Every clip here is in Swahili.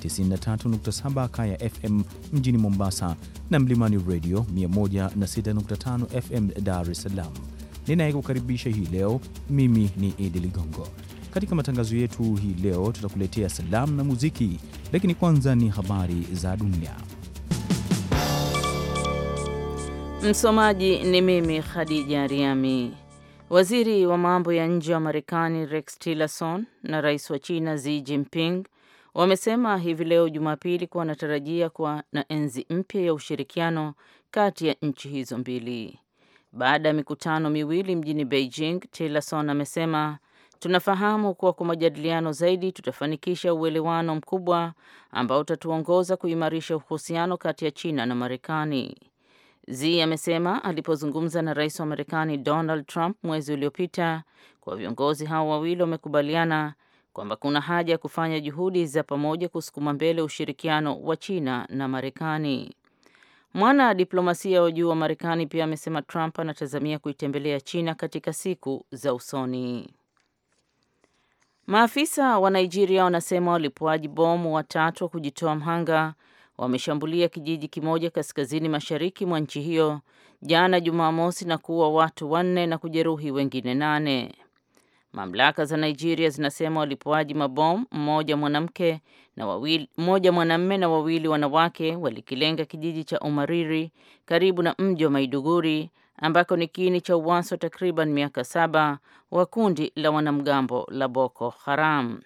93.7 Kaya FM mjini Mombasa na Mlimani Radio 106.5 FM Dar es Salaam. Ninayekukaribisha hii leo mimi ni Idi Ligongo. Katika matangazo yetu hii leo tutakuletea salamu na muziki, lakini kwanza ni habari za dunia. Msomaji ni mimi Khadija Riami. Waziri wa mambo ya nje wa Marekani Rex Tillerson na rais wa China Xi Jinping Wamesema hivi leo Jumapili kuwa wanatarajia kuwa na enzi mpya ya ushirikiano kati ya nchi hizo mbili. Baada ya mikutano miwili mjini Beijing, Tillerson amesema tunafahamu kuwa kwa majadiliano zaidi tutafanikisha uelewano mkubwa ambao utatuongoza kuimarisha uhusiano kati ya China na Marekani. Zi amesema alipozungumza na Rais wa Marekani Donald Trump mwezi uliopita kuwa viongozi hao wawili wamekubaliana kwamba kuna haja ya kufanya juhudi za pamoja kusukuma mbele ushirikiano wa China na Marekani. Mwana diplomasia wa juu wa Marekani pia amesema Trump anatazamia kuitembelea China katika siku za usoni. Maafisa wa Nigeria wanasema walipuaji bomu watatu wa kujitoa mhanga wameshambulia kijiji kimoja kaskazini mashariki mwa nchi hiyo jana Jumamosi na kuua watu wanne na kujeruhi wengine nane. Mamlaka za Nigeria zinasema walipuaji mabomu mmoja mwanamke na wawili, mmoja mwanamme na wawili wanawake walikilenga kijiji cha Umariri karibu na mji wa Maiduguri ambako ni kini cha uasi wa takriban miaka saba wa kundi la wanamgambo la Boko Haram.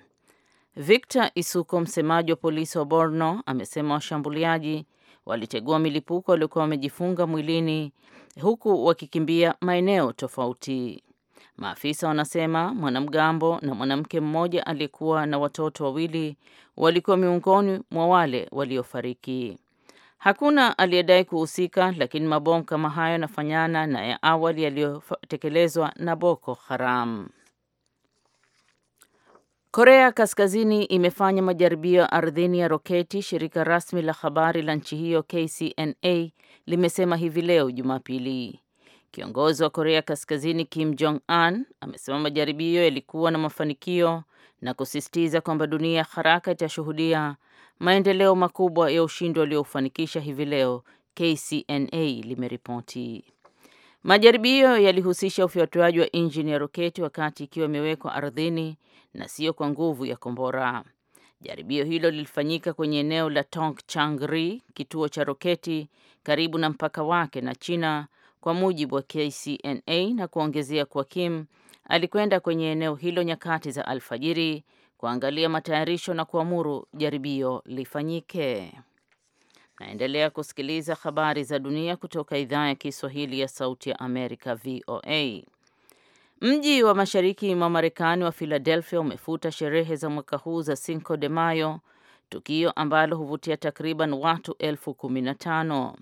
Victor Isuko, msemaji wa polisi wa Borno, amesema washambuliaji walitegua milipuko waliokuwa wamejifunga mwilini huku wakikimbia maeneo tofauti. Maafisa wanasema mwanamgambo na mwanamke mmoja aliyekuwa na watoto wawili walikuwa miongoni mwa wale waliofariki. Hakuna aliyedai kuhusika, lakini mabomu kama hayo yanafanyana na ya awali yaliyotekelezwa na Boko Haram. Korea Kaskazini imefanya majaribio ya ardhini ya roketi, shirika rasmi la habari la nchi hiyo KCNA limesema hivi leo Jumapili. Kiongozi wa Korea Kaskazini Kim Jong Un amesema majaribio yalikuwa na mafanikio na kusisitiza kwamba dunia haraka itashuhudia maendeleo makubwa ya ushindi waliofanikisha hivi leo, KCNA limeripoti. Majaribio yalihusisha ufyatuaji wa injini ya roketi wakati ikiwa imewekwa ardhini na siyo kwa nguvu ya kombora. Jaribio hilo lilifanyika kwenye eneo la tong changri kituo cha roketi karibu na mpaka wake na China kwa mujibu wa KCNA, na kuongezea kuwa Kim alikwenda kwenye eneo hilo nyakati za alfajiri kuangalia matayarisho na kuamuru jaribio lifanyike. Naendelea kusikiliza habari za dunia kutoka idhaa ya Kiswahili ya Sauti ya Amerika, VOA. Mji wa mashariki mwa Marekani wa Philadelphia umefuta sherehe za mwaka huu za Cinco de Mayo, tukio ambalo huvutia takriban watu elfu kumi na tano.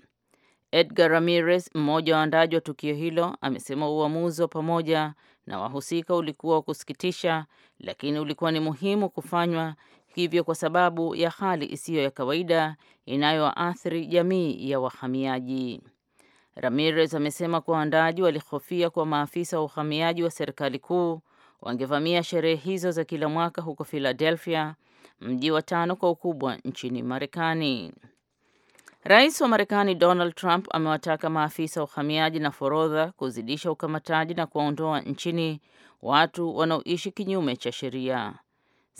Edgar Ramirez, mmoja wa ndaji wa tukio hilo, amesema uamuzi wa pamoja na wahusika ulikuwa wa kusikitisha, lakini ulikuwa ni muhimu kufanywa hivyo kwa sababu ya hali isiyo ya kawaida inayowaathiri jamii ya wahamiaji. Ramirez amesema kuwa wandaji walihofia kuwa maafisa wa uhamiaji wa serikali kuu wangevamia sherehe hizo za kila mwaka huko Philadelphia, mji wa tano kwa ukubwa nchini Marekani. Rais wa Marekani Donald Trump amewataka maafisa wa uhamiaji na forodha kuzidisha ukamataji na kuwaondoa nchini watu wanaoishi kinyume cha sheria.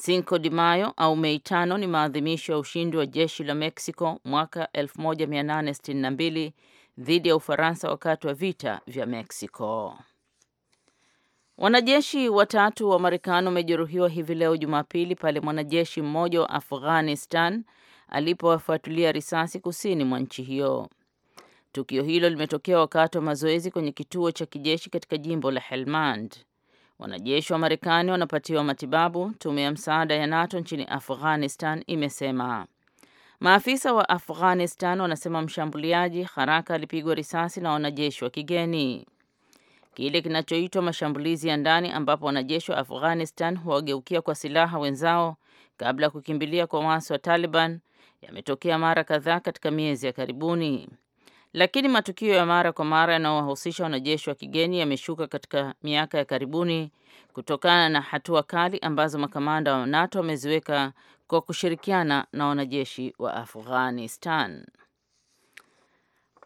Cinco de Mayo au Mei tano ni maadhimisho ya ushindi wa jeshi la Mexico mwaka 1862 dhidi ya Ufaransa wakati wa vita vya Mexico. Wanajeshi watatu wa Marekani wamejeruhiwa hivi leo Jumapili pale mwanajeshi mmoja wa Afghanistan alipowafuatilia risasi kusini mwa nchi hiyo. Tukio hilo limetokea wakati wa mazoezi kwenye kituo cha kijeshi katika jimbo la Helmand. Wanajeshi wa Marekani wanapatiwa matibabu, tume ya msaada ya NATO nchini Afghanistan imesema. Maafisa wa Afghanistan wanasema mshambuliaji haraka alipigwa risasi na wanajeshi wa kigeni. Kile kinachoitwa mashambulizi ya ndani ambapo wanajeshi wa Afghanistan huwageukia kwa silaha wenzao kabla ya kukimbilia kwa waasi wa Taliban yametokea mara kadhaa katika miezi ya karibuni, lakini matukio ya mara kwa mara yanayowahusisha wanajeshi wa kigeni yameshuka katika miaka ya karibuni kutokana na hatua kali ambazo makamanda wa NATO wameziweka kwa kushirikiana na wanajeshi wa Afghanistan.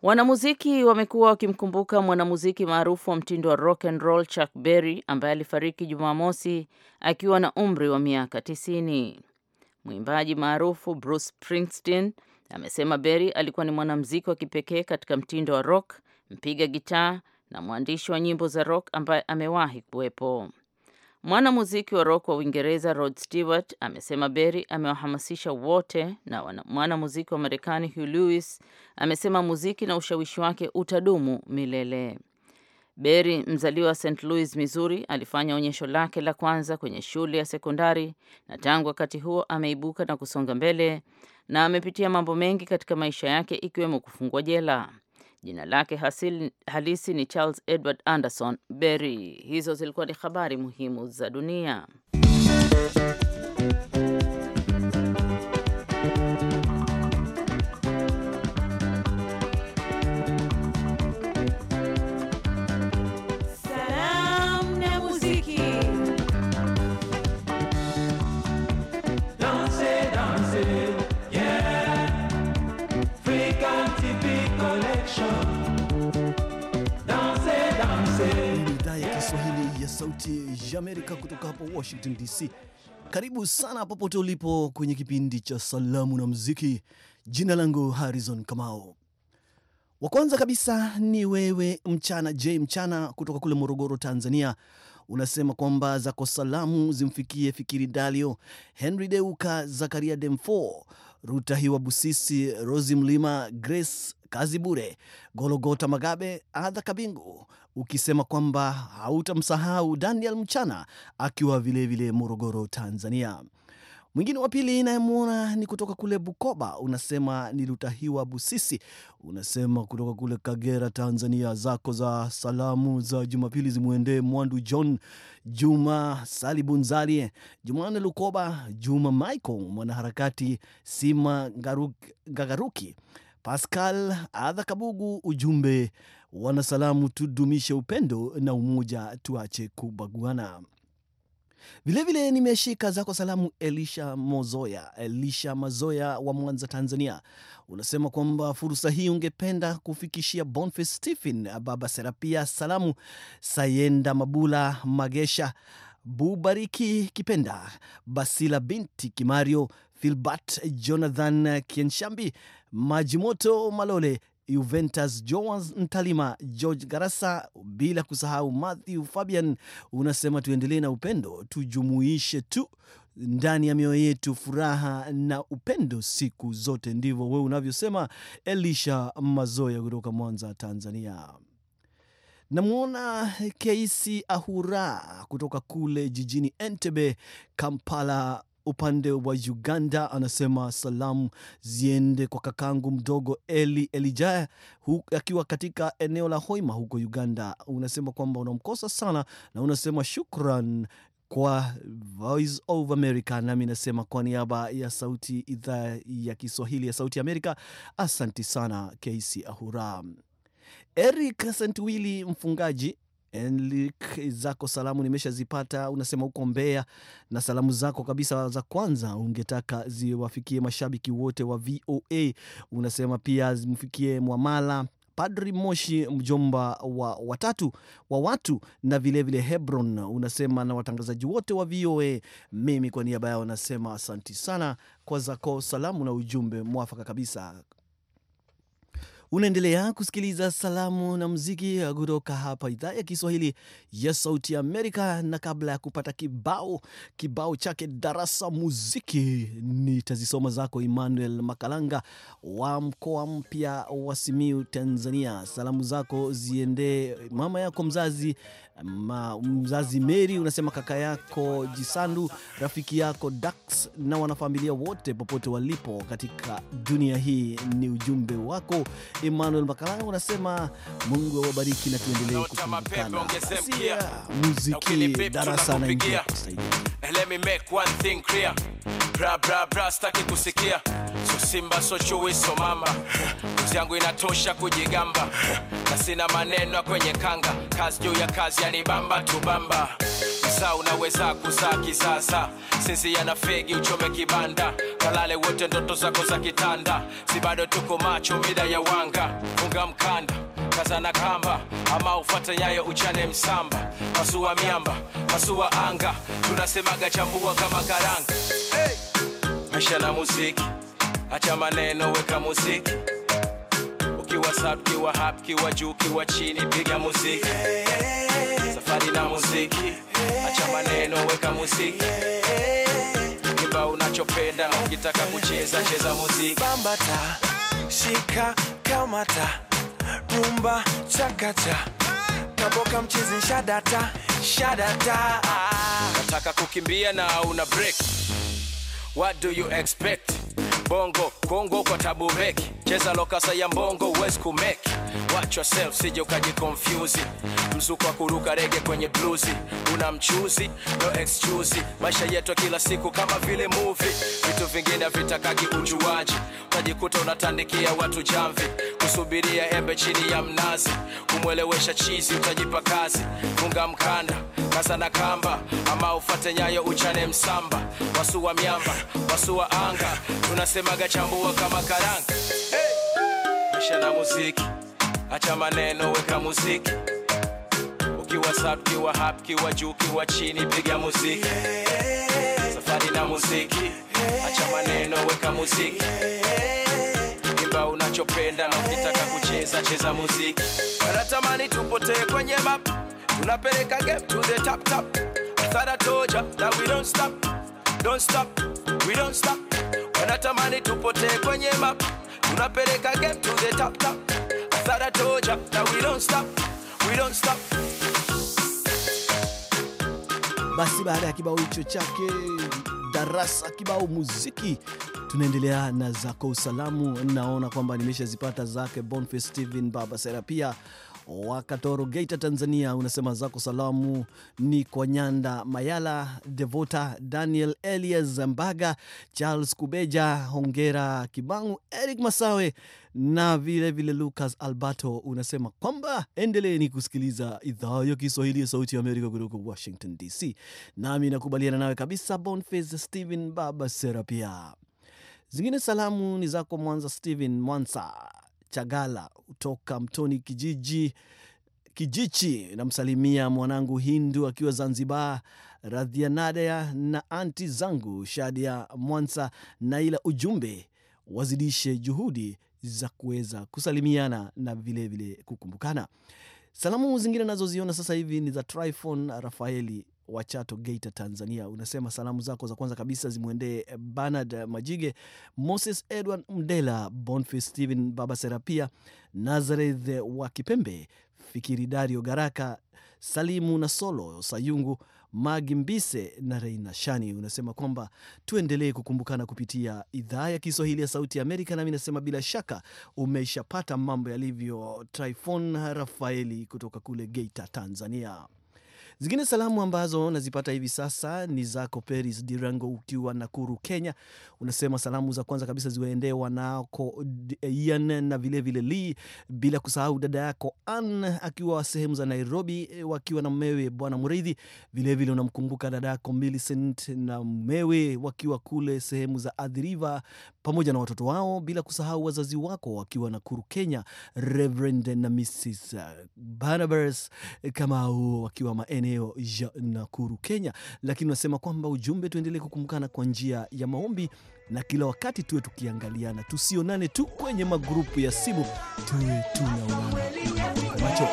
Wanamuziki wamekuwa wakimkumbuka mwanamuziki maarufu wa mtindo wa rock and roll Chuck Berry ambaye alifariki Jumamosi akiwa na umri wa miaka tisini. Mwimbaji maarufu Bruce Springsteen amesema Berry alikuwa ni mwanamuziki wa kipekee katika mtindo wa rock, mpiga gitaa na mwandishi wa nyimbo za rock ambaye amewahi kuwepo. Mwanamuziki wa rock wa Uingereza Rod Stewart amesema Berry amewahamasisha wote, na mwanamuziki wa Marekani hugh Lewis amesema muziki na ushawishi wake utadumu milele. Berry mzaliwa wa St. Louis, Missouri, alifanya onyesho lake la kwanza kwenye shule ya sekondari na tangu wakati huo ameibuka na kusonga mbele na amepitia mambo mengi katika maisha yake ikiwemo kufungwa jela. Jina lake hasil, halisi ni Charles Edward Anderson Berry. Hizo zilikuwa ni habari muhimu za dunia. Sauti ya Amerika kutoka hapa Washington DC. Karibu sana popote ulipo kwenye kipindi cha Salamu na Muziki. Jina langu Harrison Kamao. Wa kwanza kabisa ni wewe Mchana J Mchana kutoka kule Morogoro, Tanzania. Unasema kwamba zako salamu zimfikie Fikiri Dalio, Henry Deuka, Zakaria Demfo, Ruta Hiwa Busisi, Rosi Mlima, Grace Kazi Bure, Gologota Magabe, Adha Kabingu, ukisema kwamba hautamsahau Daniel Mchana akiwa vilevile Morogoro, Tanzania. Mwingine wa pili inayemwona ni kutoka kule Bukoba, unasema ni Lutahiwa Busisi, unasema kutoka kule Kagera, Tanzania. Zako za salamu za Jumapili zimwendee Mwandu John Juma, Salibunzali, Jumane Lukoba, Juma Michael mwanaharakati, Sima Gagaruki, Pascal Adha Kabugu. Ujumbe wanasalamu, tudumishe upendo na umoja, tuache kubaguana. Vilevile nimeshika zako salamu Elisha Mozoya, Elisha Mazoya wa Mwanza, Tanzania. Unasema kwamba fursa hii ungependa kufikishia bonfe Stephen, Baba Serapia, salamu Sayenda Mabula, Magesha Bubariki, Kipenda Basila, binti Kimario, Filbert Jonathan Kienshambi, Majimoto Malole, Juventus Joas Ntalima, George Garasa, bila kusahau Matthew Fabian. Unasema tuendelee na upendo, tujumuishe tu ndani ya mioyo yetu furaha na upendo siku zote. Ndivyo wewe unavyosema, Elisha Mazoya kutoka Mwanza, Tanzania. Namwona Keisi Ahura kutoka kule jijini Entebbe, Kampala, upande wa Uganda, anasema salamu ziende kwa kakangu mdogo Eli Elijah akiwa katika eneo la Hoima huko Uganda. Unasema kwamba unamkosa sana na unasema shukran kwa Voice of America. Nami nasema kwa niaba ya sauti idhaa ya Kiswahili ya Sauti Amerika, asanti sana KC Ahura. Eric Sentwili mfungaji Enlik, zako salamu nimeshazipata. Unasema uko Mbeya na salamu zako kabisa za kwanza ungetaka ziwafikie mashabiki wote wa VOA. Unasema pia zimfikie Mwamala Padri Moshi, mjomba wa watatu wa watu na vilevile vile Hebron. Unasema na watangazaji wote wa VOA, mimi kwa niaba yao nasema asanti sana kwa zako salamu na ujumbe mwafaka kabisa. Unaendelea kusikiliza salamu na muziki kutoka hapa idhaa ya Kiswahili ya Sauti ya Amerika, na kabla ya kupata kibao kibao chake darasa muziki, nitazisoma zako Emmanuel Makalanga wa mkoa mpya wa Simiu, Tanzania. Salamu zako ziendee mama yako mzazi Ma, mzazi Meri unasema kaka yako Jisandu, rafiki yako Dax na wanafamilia wote popote walipo katika dunia hii, ni ujumbe wako Emmanuel makala Unasema Mungu awabariki na tuendelee kukumbukana. Muziki darasa na bra bra bra, staki kusikia so Simba so chui so mama, kuzi yangu inatosha kujigamba na sina maneno kwenye kanga, kazi juu ya kazi yanibamba tubamba saa unaweza kuzaa kisasa sisi yana fegi uchome kibanda kalale wote ndoto zako za kitanda si bado tuko macho mida ya wanga funga mkanda kazana kamba ama ufate nyayo uchane msamba pasua miamba pasua anga tunasemaga chambua kama karanga pisha na muziki, acha maneno, weka muziki. Ukiwa sub, kiwa hap, kiwa juu, kiwa chini, piga muziki. Safari na muziki, acha maneno, weka muziki. kiba unachopenda, ukitaka kucheza, cheza muziki. Bambata, shika, kamata, rumba, chakacha, kaboka, mchizi, shadata, shadata. Nataka kukimbia na una break what do you expect? Bongo Kongo kwa mek cheza lokasa ya mbongo, huwezi kumeki watch yourself, sije ukajikonfyuzi. Mzuko wa kuruka rege kwenye bluzi, una mchuzi no excuse. Maisha yetu kila siku kama vile movie, vitu vingine vitakaki ujuaji, utajikuta unatandikia watu jamvi, kusubiria embe chini ya mnazi, kumwelewesha chizi, utajipa kazi, funga mkanda kaza na kamba, ama ufate nyayo uchane msamba, wasua miamba, wasua anga, tunasemaga chambua kama karanga. Hey! Maisha na muziki acha maneno, weka muziki. Ukiwa sub, kiwa hap, kiwa juu, kiwa chini, piga muziki. Safari na muziki, acha maneno, weka muziki. Imba unachopenda na ukitaka kucheza, cheza muziki. Wanatamani tupotee kwenye map, tunapeleka game to the top top. Thought I that we don't stop, don't stop, we don't stop. Wanatamani tupotee kwenye map, tunapeleka game to the top top. But I told ya that we don't stop, we don't stop. Basi baada ya kibao hicho chake darasa kibao muziki, tunaendelea na zako usalamu. Naona kwamba nimeshazipata zake Boniface Steven Baba Serapia Wakatoro, Geita, Tanzania. Unasema zako salamu ni kwa Nyanda Mayala, Devota Daniel, Elias Zambaga, Charles Kubeja, hongera Kibangu, Eric Masawe na vilevile vile Lucas Alberto unasema kwamba endeleeni kusikiliza idhaa ya Kiswahili ya Sauti ya Amerika kutoka Washington DC. Nami nakubaliana nawe kabisa, Boniface Stephen Baba serapia zingine salamu ni zako Mwanza, Stephen Mwansa Chagala kutoka Mtoni kijiji Kijichi. Namsalimia mwanangu Hindu akiwa Zanzibar, Radhianadea na anti zangu Shadia Mwansa, na ila ujumbe wazidishe juhudi za kuweza kusalimiana na vilevile vile kukumbukana. Salamu zingine nazoziona sasa hivi ni za Tryfon Rafaeli Wachato, Geita, Tanzania. Unasema salamu zako za kwanza kabisa zimwendee Bernard Majige, Moses Edward Mdela, Boniface Stephen, Baba Serapia, Nazareth wa Kipembe, Fikiri Dario Garaka, Salimu na Solo Sayungu, Magimbise na Reina Shani. Unasema kwamba tuendelee kukumbukana kupitia idhaa ya Kiswahili ya Sauti ya Amerika, nami nasema bila shaka umeshapata mambo yalivyo. Tryfon Rafaeli kutoka kule Geita, Tanzania. Zingine salamu ambazo nazipata hivi sasa ni zako Peris Dirango ukiwa Nakuru, Kenya. Unasema salamu za kwanza kabisa ziwaendee wanako eh, Ian na vilevile Li, bila kusahau dada yako Ann akiwa sehemu za Nairobi eh, wakiwa na mmewe Bwana Mridhi. Vilevile unamkumbuka dada yako Millicent na mmewe wakiwa kule sehemu za Adhiriva pamoja na watoto wao, bila kusahau wazazi wako wakiwa Nakuru, Kenya, Reverend na Mrs eh, Barnabas Kamau wakiwa maeneo maeneo ya Nakuru, Kenya, lakini unasema kwamba ujumbe, tuendelee kukumbukana kwa njia ya maombi na kila wakati tuwe tukiangaliana, tusionane tu kwenye magrupu ya simu, tuwe tunaonana macho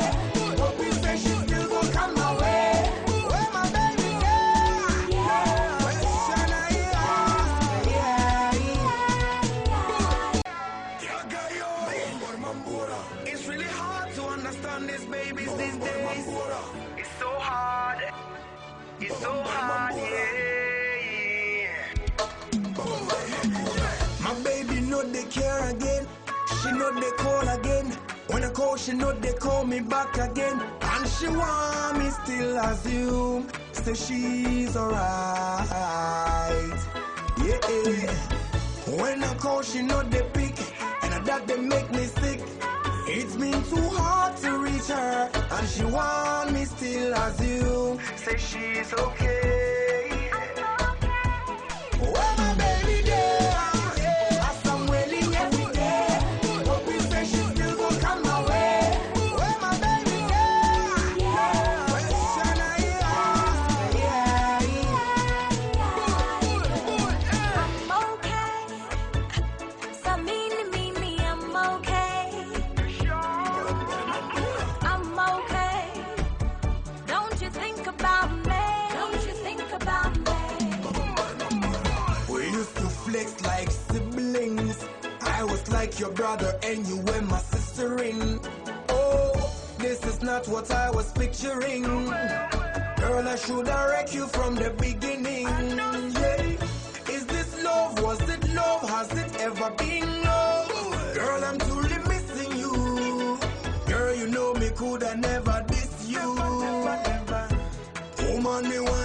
babies these days. It's so hard. It's so hard, yeah. My baby know they care again. She know they call again. When I call, she know they call me back again. And she want me still assume. Say she's alright. Yeah. When I call, she know they pick. And that they make me sick. It's been too hard to reach her, and she won't me still as you. Say she's okay. your brother and you were my sister in. Oh, this is not what I was picturing. Girl, I should have wrecked you from the beginning. Yeah. Is this love? Was it love? Has it ever been love? Girl, I'm truly missing you. Girl, you know me could have never diss you. Woman, oh, me want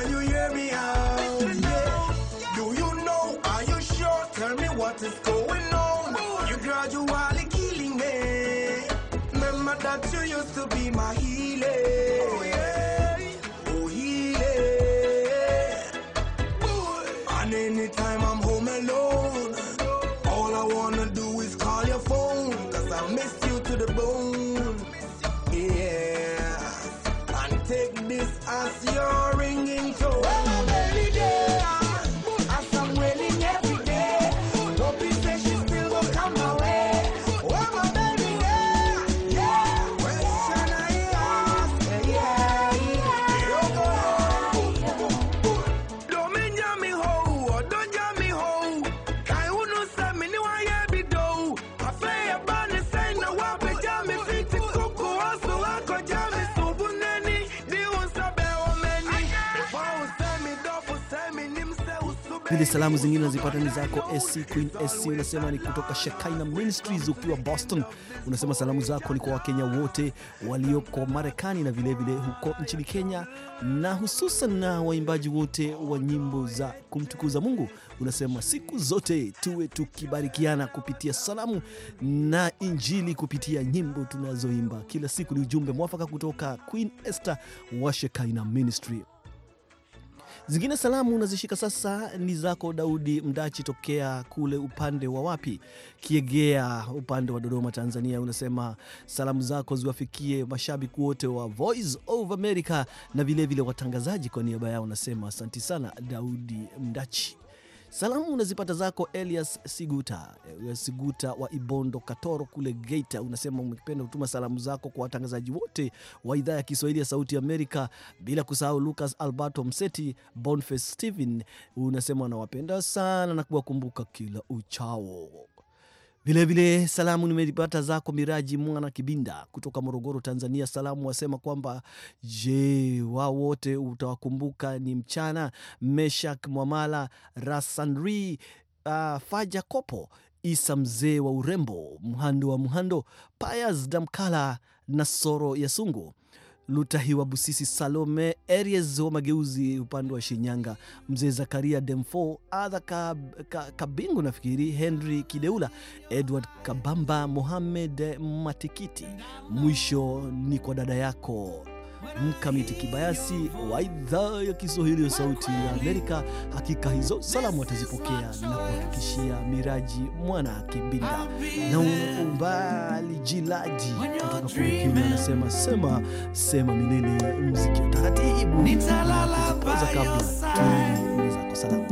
Kipindi salamu zingine nazipata ni zako SC Queen SC, unasema ni kutoka Shekaina Ministries ukiwa Boston. Unasema salamu zako ni kwa Wakenya wote walioko Marekani na vilevile vile huko nchini Kenya, na hususan na waimbaji wote wa nyimbo za kumtukuza Mungu. Unasema siku zote tuwe tukibarikiana kupitia salamu na Injili kupitia nyimbo tunazoimba kila siku. Ni ujumbe mwafaka kutoka Queen Esther wa Shekaina Ministry. Zingine salamu unazishika sasa ni zako Daudi Mdachi tokea kule upande wa wapi, Kiegea, upande wa Dodoma, Tanzania. Unasema salamu zako ziwafikie mashabiki wote wa Voice of America na vilevile watangazaji. Kwa niaba yao unasema asanti sana Daudi Mdachi. Salamu unazipata zako Elias Siguta, Elias eh, Siguta wa Ibondo Katoro kule Geita. Unasema umependa kutuma salamu zako kwa watangazaji wote wa idhaa ya Kiswahili ya Sauti Amerika, bila kusahau Lucas Alberto Mseti, Boniface stehen Unasema anawapenda sana na kuwakumbuka kila uchao. Vilevile salamu nimezipata zako Miraji Mwana Kibinda kutoka Morogoro, Tanzania. Salamu wasema kwamba je, wao wote utawakumbuka ni mchana Meshak Mwamala, rasanri uh, ah, Faja Kopo, Isa mzee wa urembo, Mhando wa Mhando, Payas Damkala na Soro ya Sungu Lutahiwa Busisi, Salome Aries wa Mageuzi upande wa Shinyanga, mzee Zakaria Demfo, Adha Kabingu, nafikiri Henry Kideula, Edward Kabamba, Mohamed Matikiti. Mwisho ni kwa dada yako Mkamiti Kibayasi wa idhaa ya Kiswahili ya Sauti ya Amerika. Hakika hizo salamu atazipokea na kuhakikishia Miraji Mwana Kibinda na umbali jilaji kutoka kule anasema sema sema milele, mziki wa taratibu kabla tuza kwa salamu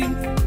me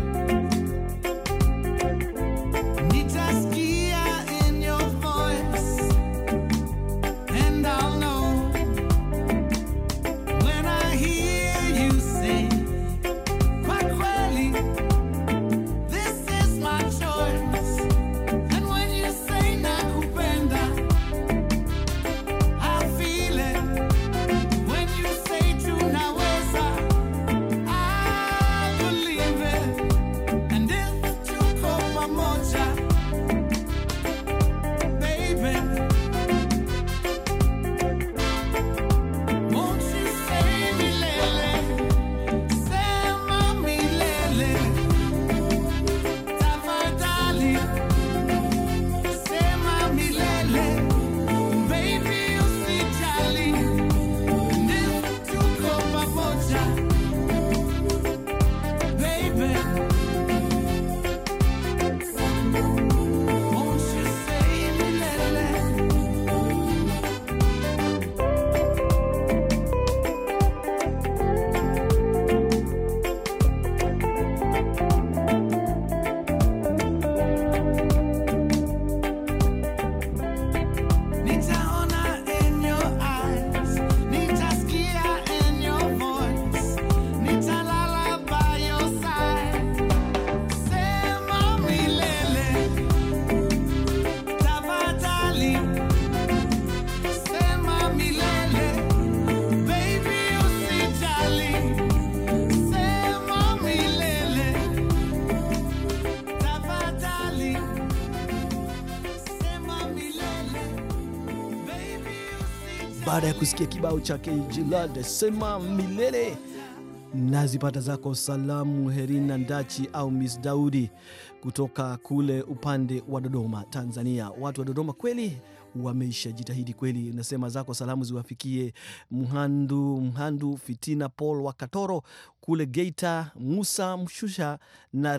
baada ya kusikia kibao chake Jilade sema milele nazipata zako salamu Herina Ndachi au Miss Daudi kutoka kule upande wa Dodoma, Tanzania. Watu wa Dodoma kweli wameisha jitahidi kweli. Nasema zako salamu ziwafikie Mhandu Mhandu Fitina Paul wa Katoro kule Geita, Musa Mshusha na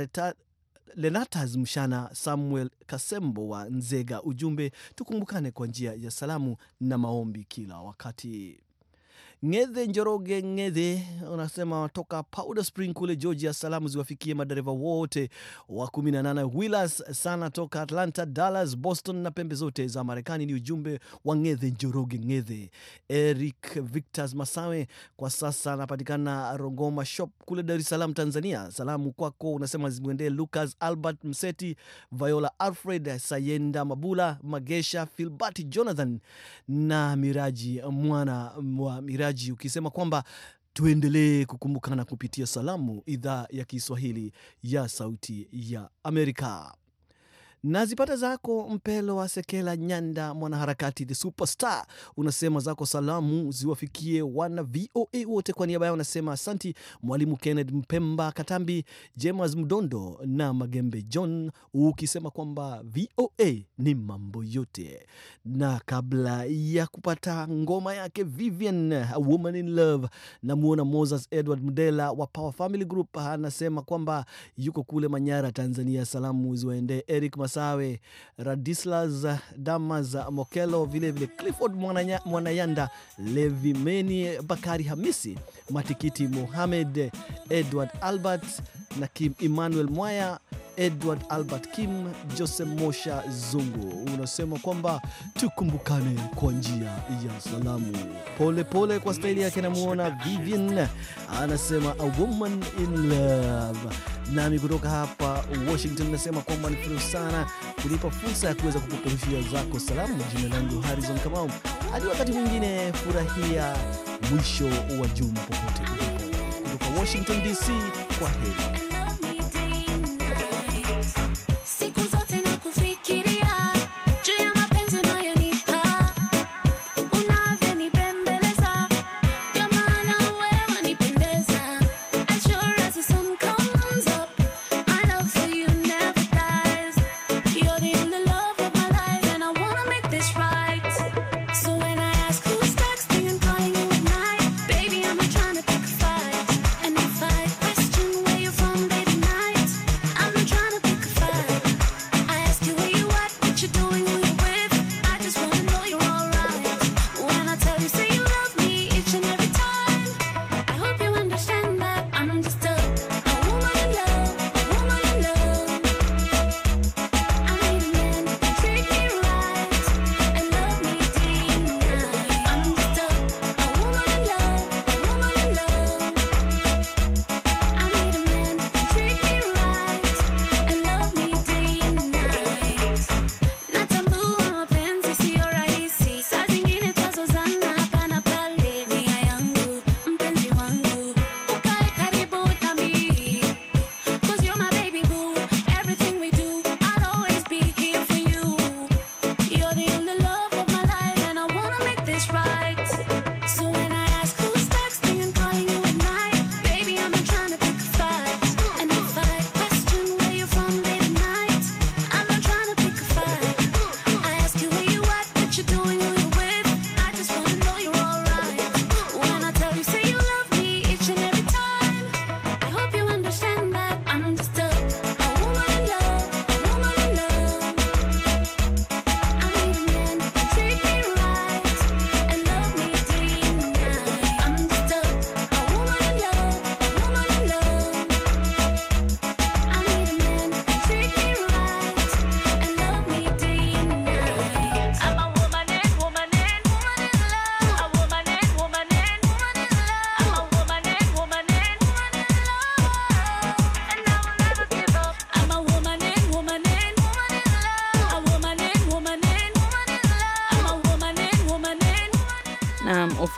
Lenatas Mshana, Samuel Kasembo wa Nzega. Ujumbe, tukumbukane kwa njia ya salamu na maombi kila wakati. Ng'ethe Njoroge Ng'ethe unasema toka Powder Spring kule Georgia. Salamu ziwafikie madereva wote wa 18 wheelers sana toka Atlanta, Dallas, Boston na pembe zote za Marekani. Ni ujumbe wa Ng'ethe Njoroge Ng'ethe. Eric Victor Masawe kwa sasa anapatikana Rongoma Shop kule Dar es Salaam, Tanzania. Salamu kwako unasema zimwendee Lucas Albert Mseti, Viola Alfred Sayenda, Mabula Magesha, Filbert Jonathan na Miraji mwana wa Miraji msikilizaji, ukisema kwamba tuendelee kukumbukana kupitia salamu, idhaa ya Kiswahili ya Sauti ya Amerika na zipata zako Mpelo wa Sekela Nyanda, mwanaharakati the superstar, unasema zako salamu ziwafikie wana VOA wote. Kwa niaba yao unasema asanti Mwalimu Kenneth Mpemba Katambi, James Mdondo na Magembe John, ukisema kwamba VOA ni mambo yote. Na kabla ya kupata ngoma yake Vivian, A Woman in Love, namwona Moses Edward Mdela wa Power Family Group anasema kwamba yuko kule Manyara, Tanzania. Salamu ziwaendee Eric Masawe, Radislas Damas Mokelo, vilevile Clifford mwanayanda levi meni Bakari Hamisi, Matikiti Muhamed, Edward Albert na Kim Emmanuel Mwaya Edward Albert Kim, Jose Mosha Zungu, unasema kwamba tukumbukane kwa njia ya salamu. Pole pole kwa staili yake, namuona Vivian anasema a woman in love. Nami kutoka hapa Washington nasema kwamba nifurahi sana kunipa fursa ya kuweza kupeperushia zako salamu. Jina langu Harrison Kamau, hadi wakati mwingine, furahia mwisho wa juma popote kutoka Washington DC. Kwa heri.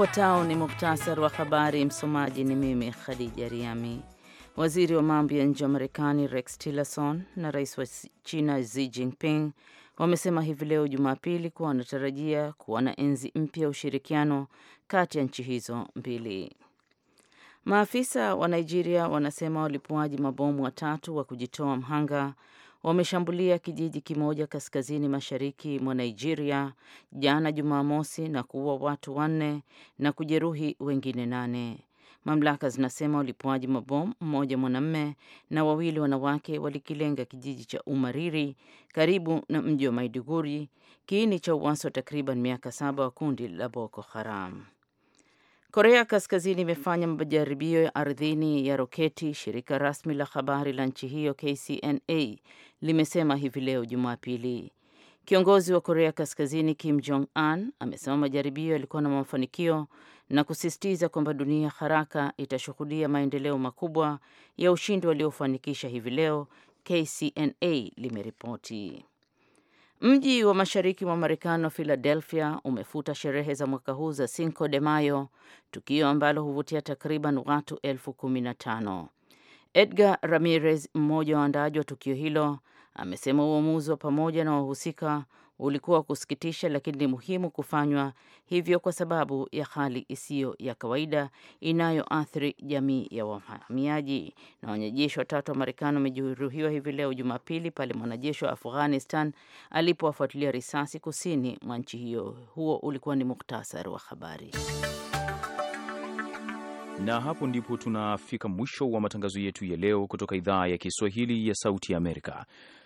Ufuatao ni muktasari wa habari. Msomaji ni mimi Khadija Riami. Waziri wa mambo ya nje wa Marekani Rex Tillerson na rais wa China Xi Jinping wamesema hivi leo Jumapili kuwa wanatarajia kuwa na enzi mpya ya ushirikiano kati ya nchi hizo mbili. Maafisa wa Nigeria wanasema walipuaji mabomu watatu wa kujitoa mhanga wameshambulia kijiji kimoja kaskazini mashariki mwa Nigeria jana Jumamosi na kuua watu wanne na kujeruhi wengine nane. Mamlaka zinasema walipuaji mabomu mmoja mwanamme na wawili wanawake walikilenga kijiji cha Umariri karibu na mji wa Maiduguri, kiini cha uasi wa takriban miaka saba wa kundi la Boko Haram. Korea Kaskazini imefanya majaribio ya ardhini ya roketi, shirika rasmi la habari la nchi hiyo KCNA limesema hivi leo Jumapili. Kiongozi wa Korea Kaskazini Kim Jong Un amesema majaribio yalikuwa na mafanikio na kusisitiza kwamba dunia haraka itashuhudia maendeleo makubwa ya ushindi waliofanikisha hivi leo, KCNA limeripoti. Mji wa mashariki mwa Marekani wa Philadelphia umefuta sherehe za mwaka huu za Cinco de Mayo, tukio ambalo huvutia takriban watu elfu kumi na tano. Edgar Ramirez, mmoja wa waandaaji wa tukio hilo, amesema uamuzi wa pamoja na wahusika ulikuwa wa kusikitisha, lakini ni muhimu kufanywa hivyo kwa sababu ya hali isiyo ya kawaida inayoathiri jamii ya wahamiaji. Na wanajeshi watatu wa Marekani wamejeruhiwa hivi leo Jumapili pale mwanajeshi wa Afghanistan alipowafuatilia risasi kusini mwa nchi hiyo. Huo ulikuwa ni muktasari wa habari na hapo ndipo tunafika mwisho wa matangazo yetu ya leo kutoka idhaa ya Kiswahili ya Sauti ya Amerika.